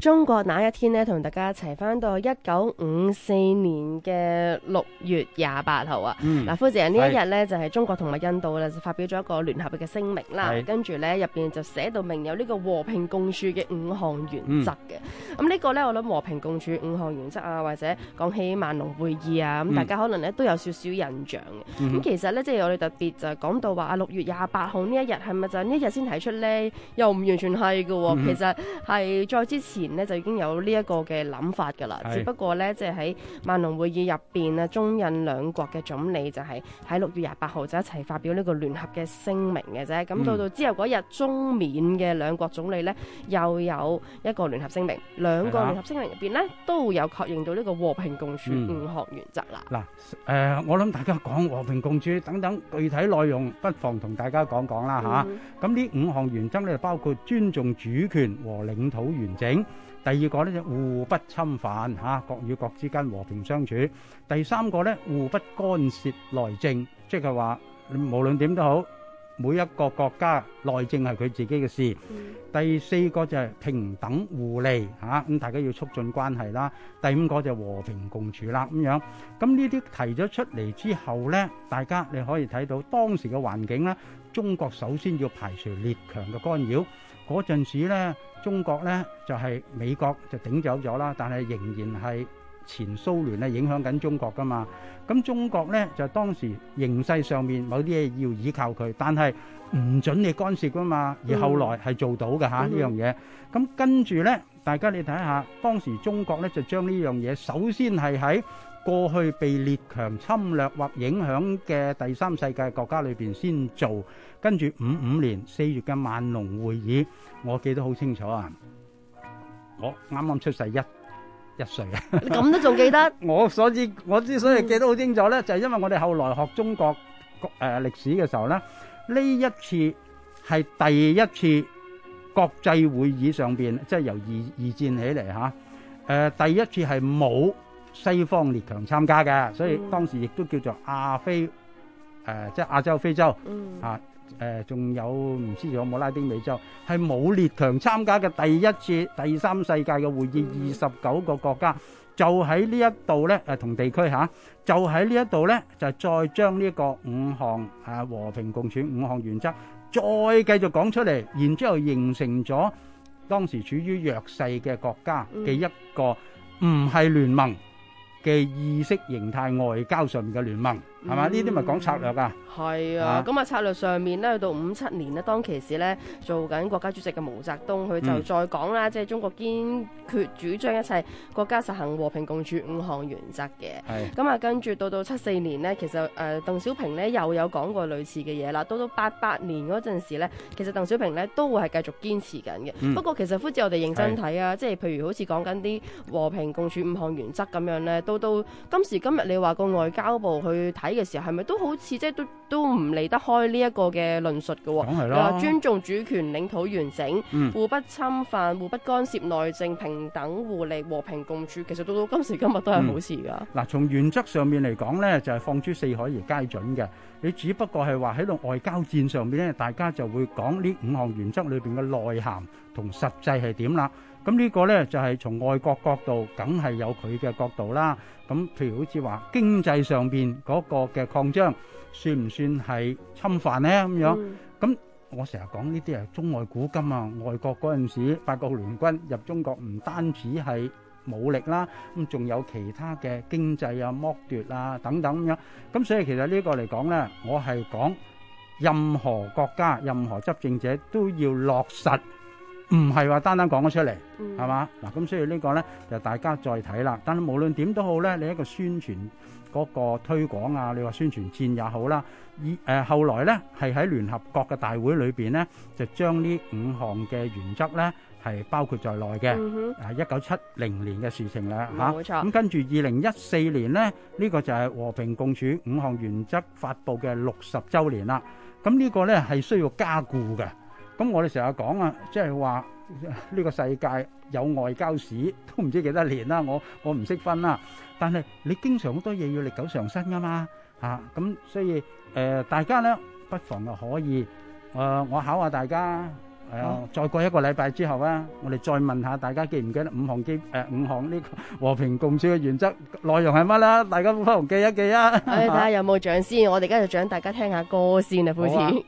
中國那一天呢？同大家一齊翻到一九五四年嘅六月廿八號啊！嗱、嗯，夫子呢一日、就是、呢，就係中國同埋印度咧就發表咗一個聯合嘅聲明啦。跟住咧入邊就寫到明有呢個和平共處嘅五項原則嘅。咁、嗯、呢、嗯這個呢，我諗和平共處五項原則啊，或者講起萬隆會議啊，咁、嗯嗯、大家可能呢都有少少印象嘅、啊。咁、嗯嗯、其實呢，即、就、係、是、我哋特別就講到話六月廿八號呢一日係咪就呢一日先提出呢？又唔完全係嘅喎。其實係再之前。咧就已經有呢一個嘅諗法㗎啦，只不過咧即係喺萬隆會議入邊啊，中印兩國嘅總理就係喺六月廿八號就一齊發表呢個聯合嘅聲明嘅啫。咁到到之後嗰一日，中緬嘅兩國總理咧又有一個聯合聲明，兩個聯合聲明入邊咧都會有確認到呢個和平共處五項原則啦。嗱，誒，我諗大家講和平共處等等具體內容，不妨同大家講講啦嚇。咁呢五項原則咧，包括尊重主權和領土完整。第二個咧就互不侵犯吓，國與國之間和平相處；第三個咧互不干涉內政，即係話無論點都好，每一個國家內政係佢自己嘅事、嗯。第四個就係平等互利吓，咁、啊、大家要促進關係啦。第五個就和平共處啦，咁樣。咁呢啲提咗出嚟之後咧，大家你可以睇到當時嘅環境咧。中國首先要排除列強嘅干擾。嗰陣時咧，中國咧就係美國就頂走咗啦，但係仍然係前蘇聯咧影響緊中國噶嘛。咁中國咧就當時形勢上面某啲嘢要依靠佢，但係唔準你干涉噶嘛。而後來係做到嘅吓呢樣嘢。咁跟住咧，大家你睇下當時中國咧就將呢樣嘢首先係喺。過去被列強侵略或影響嘅第三世界國家裏邊先做，跟住五五年四月嘅萬隆會議，我記得好清楚啊！我啱啱出世一一歲啊，你咁都仲記得？ 我所知我之所以記得好清楚呢、嗯，就係、是、因為我哋後來學中國國誒歷史嘅時候呢，呢一次係第一次國際會議上邊，即、就、係、是、由二二戰起嚟吓，誒、啊呃、第一次係冇。西方列強參加嘅，所以當時亦都叫做亞非，誒、呃、即係亞洲、非洲、嗯、啊，誒、呃、仲有唔知有冇拉丁美洲，係冇列強參加嘅第一次第三世界嘅會議，二十九個國家就喺呢一度呢，誒同地區嚇、啊，就喺呢一度呢就再將呢個五項誒、啊、和平共處五項原則再繼續講出嚟，然之後形成咗當時處於弱勢嘅國家嘅一個唔係聯盟。嗯嗯嘅意識形態外交上面嘅聯盟。係嘛？呢啲咪講策略噶？係啊，咁啊，啊策略上面咧，去到五七年呢，年當其時咧，做緊國家主席嘅毛澤東，佢就再講啦，即、嗯、係、就是、中國堅決主張一切國家實行和平共處五項原則嘅。咁啊，跟住到到七四年呢，其實誒鄧、呃、小平呢，又有講過類似嘅嘢啦。到到八八年嗰陣時候呢，其實鄧小平呢，都會係繼續堅持緊嘅、嗯。不過其實，夫子我哋認真睇啊，即係譬如好似講緊啲和平共處五項原則咁樣呢，到到今時今日，你話個外交部去睇。睇嘅時候係咪都好似即係都都唔離得開呢一個嘅論述嘅，話尊重主權、領土完整、互不侵犯、互不干涉內政、平等互利、和平共處，其實到到今時今日都係好事噶。嗱，從原則上面嚟講咧，就係放諸四海而皆準嘅。你只不過係話喺度外交戰上面咧，大家就會講呢五項原則裏邊嘅內涵。同實際係點啦？咁呢個咧就係從外國角度，梗係有佢嘅角度啦。咁譬如好似話經濟上面嗰個嘅擴張，算唔算係侵犯咧？咁樣咁我成日講呢啲係中外古今啊，外國嗰陣時八國聯軍入中國，唔單止係武力啦，咁仲有其他嘅經濟啊、剝奪啊等等咁樣。咁所以其實呢個嚟講咧，我係講任何國家、任何執政者都要落實。唔係話單單講咗出嚟，係、嗯、嘛？嗱，咁所以呢個呢，就大家再睇啦。但係無論點都好呢，你一個宣傳嗰個推廣啊，你話宣傳戰也好啦。依誒、呃、後來呢，係喺聯合國嘅大會裏邊呢，就將呢五項嘅原則呢，係包括在內嘅。誒、嗯，一九七零年嘅事情啦嚇，冇錯、咁、嗯、跟住二零一四年呢，呢、呢個就係和平共處五項原則發佈嘅六十週年啦。咁呢個呢，係需要加固嘅。咁我哋成日講啊，即係話呢個世界有外交史都唔知幾多年啦，我我唔識分啦。但係你經常好多嘢要歷久常新噶嘛，嚇，咁所以誒，大家咧不妨就可以誒，我考下大家，誒再過一個禮拜之後啊，我哋再問下大家記唔記得五項基誒五項呢個和平共處嘅原則內容係乜啦？大家不妨記一記啊！誒，睇下有冇獎先，我哋而家就獎大家聽下歌先啊，副詞。